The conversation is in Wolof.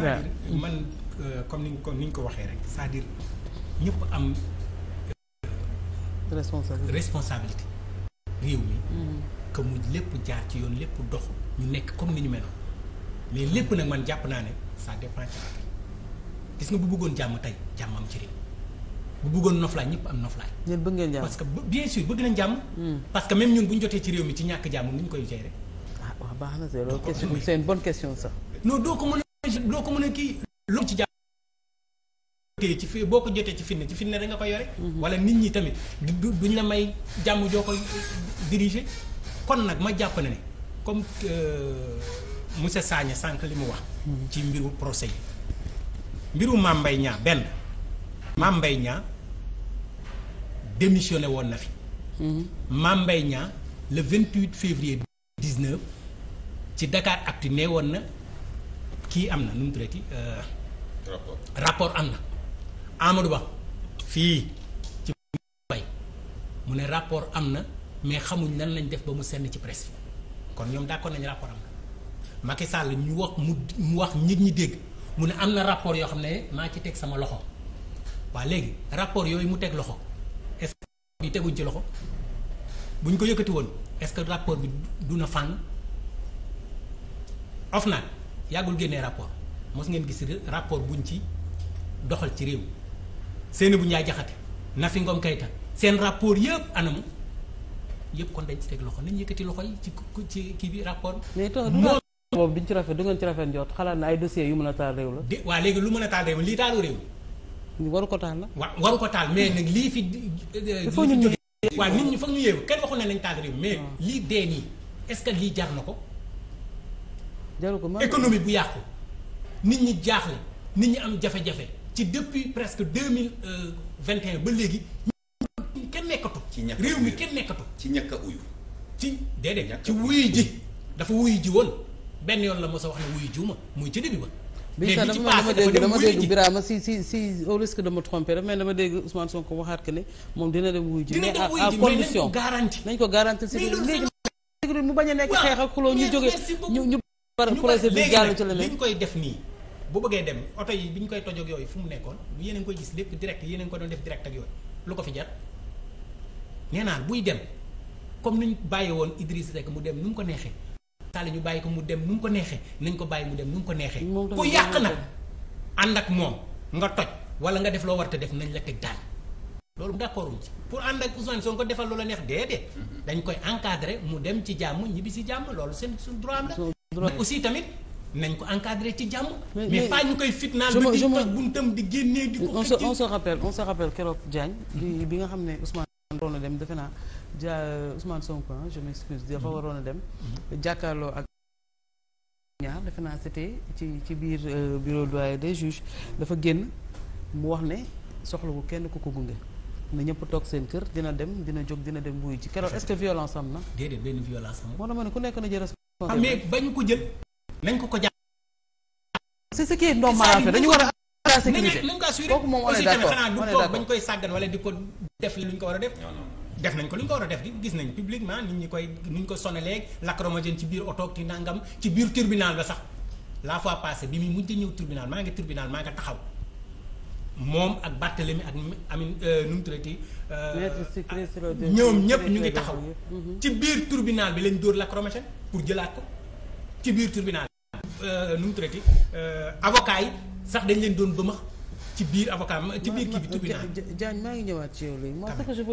cest man euh, comme ni ko ni ñu ko waxee rek c'est-à-dire am. Euh, responsabilité responsabilité réew mi. Mm. que mu lépp jaar ci yoon lépp dox ñu nekk comme ni ñu meloon mais lépp nag man jàpp naa ne ça dépend ci gis nga bu bëggoon jàmm tey jàmm am ci réew bu bëggoon noflaay ñëpp am noflaay. ñun bëgg ngeen jàmm parce que bien sûr bëgg nañ jàmm. Mm. parce que même ñun bu ñu jotee ci réew mi ci ñàkk jàmm ni ñu koy gérer. ah waaw baax na c'est une bonne question ça. non doo ko mën doo ko mën a kii loolu ci jàmm ci fi boo ko jotee ci fitna ci fitna da nga ko yore mhm. wala nit ñi tamit duñ la may jàmm joo ko diriger kon nag ma jàpp na ne comme euh, monsieur Sagna sànq li mu wax mhm. ci mbiru procès yi mbiru Mame Mbaye Niang benn Mame Mbaye Niang démissionné woon na fi mhm. Mame Mbaye Niang le 28 février 19 ci Dakar Actu nee woon na kii am na nu mu tuddati euh, rapport rapport am na Amadou Ba fii ci mu ne rapport am na mais xamuñ nan lañ def ba mu senn ci presse kon ñoom d'accord nañ rapport am na Macky Sall ñu wax mu mu wax nit ñi dégg mu ne am na rapport yoo xam ne maa ci teg sama loxo waa léegi rapport yooyu mu teg loxo est-ce que bi teguñ ci loxo buñ ko yëkkati woon est-ce que rapport bi duna fànn of nag yàggul génnee rapport mos ngeen gis rapport buñ ci doxal ci réew seeni bu ñaa na fi Ngom Keïta seen rapport yëpp anamu yëpp ko dañ ci teg loxo nañu yëkkati loxo yi ci ci kii bi rapport mais boobu duñ ci rafet du ngeen ci rafet njort xalaat na ay dossiers yu mun a taal réew la de waa léegi lu mën a taal réew lii taalu réew waru ko taal la wa waru ko taal mais nag lii fi waaw nit ñi foog ñu yéew kenn waxu ne nañ taal réew mais ah. lii dee nii est-ce que lii jar na ko ko économie bu yàqu nit ñi jaaxle nit ñi am jafejafe jafe ci depuis presque deux mille euh, vingt et un ba léegi kenn nekkatu réew mi kenn nekkatu ci ñàkk a uyu ci déedéet ci wuyu ji dafa wuyu ji woon benn yoon la mos a wax ne wuyu jiw ma muy ci début ba mais bi ci paase dafa dama dégg Birama si si si au risque de me tromper rek dama dégg Ousmane Sonko waxaat que ne moom dina dem wuyu ji mais à condition nañ ko garanti si léegi mu bañ a nekk xeex ak xuloo ñu jógee ñu par projet bi koy def nii bu bëggee dem oto yi bi ñu koy tojoog yooyu fu mu nekkoon yéen a ngi koy gis lépp direct yéen a ngi ko doon def direct ak yooyu lu ko fi jar nee naa buy dem comme ni ñu bàyyi woon Idriss Seck mu dem nu mu ko neexee Sall ñu bàyyi ko mu dem nu mu ko neexee nañ ko bàyyi mu dem nu mu ko neexee ku yàq nag ànd ak moom nga toj wala nga def loo war te def nañ la teg daal loolu d'accord wuñ ci pour ànd ak Ousmane ko defal lu la neex déedéet mm-hmm. dañ koy encadrer mu dem ci jàmm ñibbi si jàmm loolu seen suñu droit la mais aussi tamit nañ ko encadré ci jàmm. mais pas ñu koy fitnaal. ba di toj buntam on se on on se rappelle keroog Diagne. bi nga xam ne Ousmane waroon na dem defe naa ja euh, Ousmane Sonko je m'excuse dafa mhm. waroon a dem. Mhm. jàkkaarloo ak. ñaar defe naa c'était ci ci biir euh, bureau doyen des juges dafa génn mu wax ne soxla soxlawul kenn ku ko gunge. na ñëpp toog seen kër dina dem dina jóg dina dem wuyu ci keroog est-ce que violence am na. moo tax ku nekk na jël xam ne bañu ko jël nañ ko ko jàpp. c'est ce a la sécurité nañ ko assuré aussi tamit xanaa du toog bañ wala di ko def li luñ ko war a def. def nañ ko li ko war a def di gis nañ publiquement nit ñi koy ni ñu ko sonné léegi lacrymogène ci biir oto ci nangam ci biir tribunal ba sax la fois passée bi muy mujj ñëw tribunal maa ngi tribunal maa nga taxaw. moom ak Barthélemy ak amin nu mu tuddati ñoom ñépp ñu ngi taxaw ci biir tribunal bi lañ dóor lacrymogène pour jëlaat ko ci biir tribunal nu mu tuddati avocat yi sax dañ leen doon bëmax ci biir avocat ci biir kii bi tribunal Diagne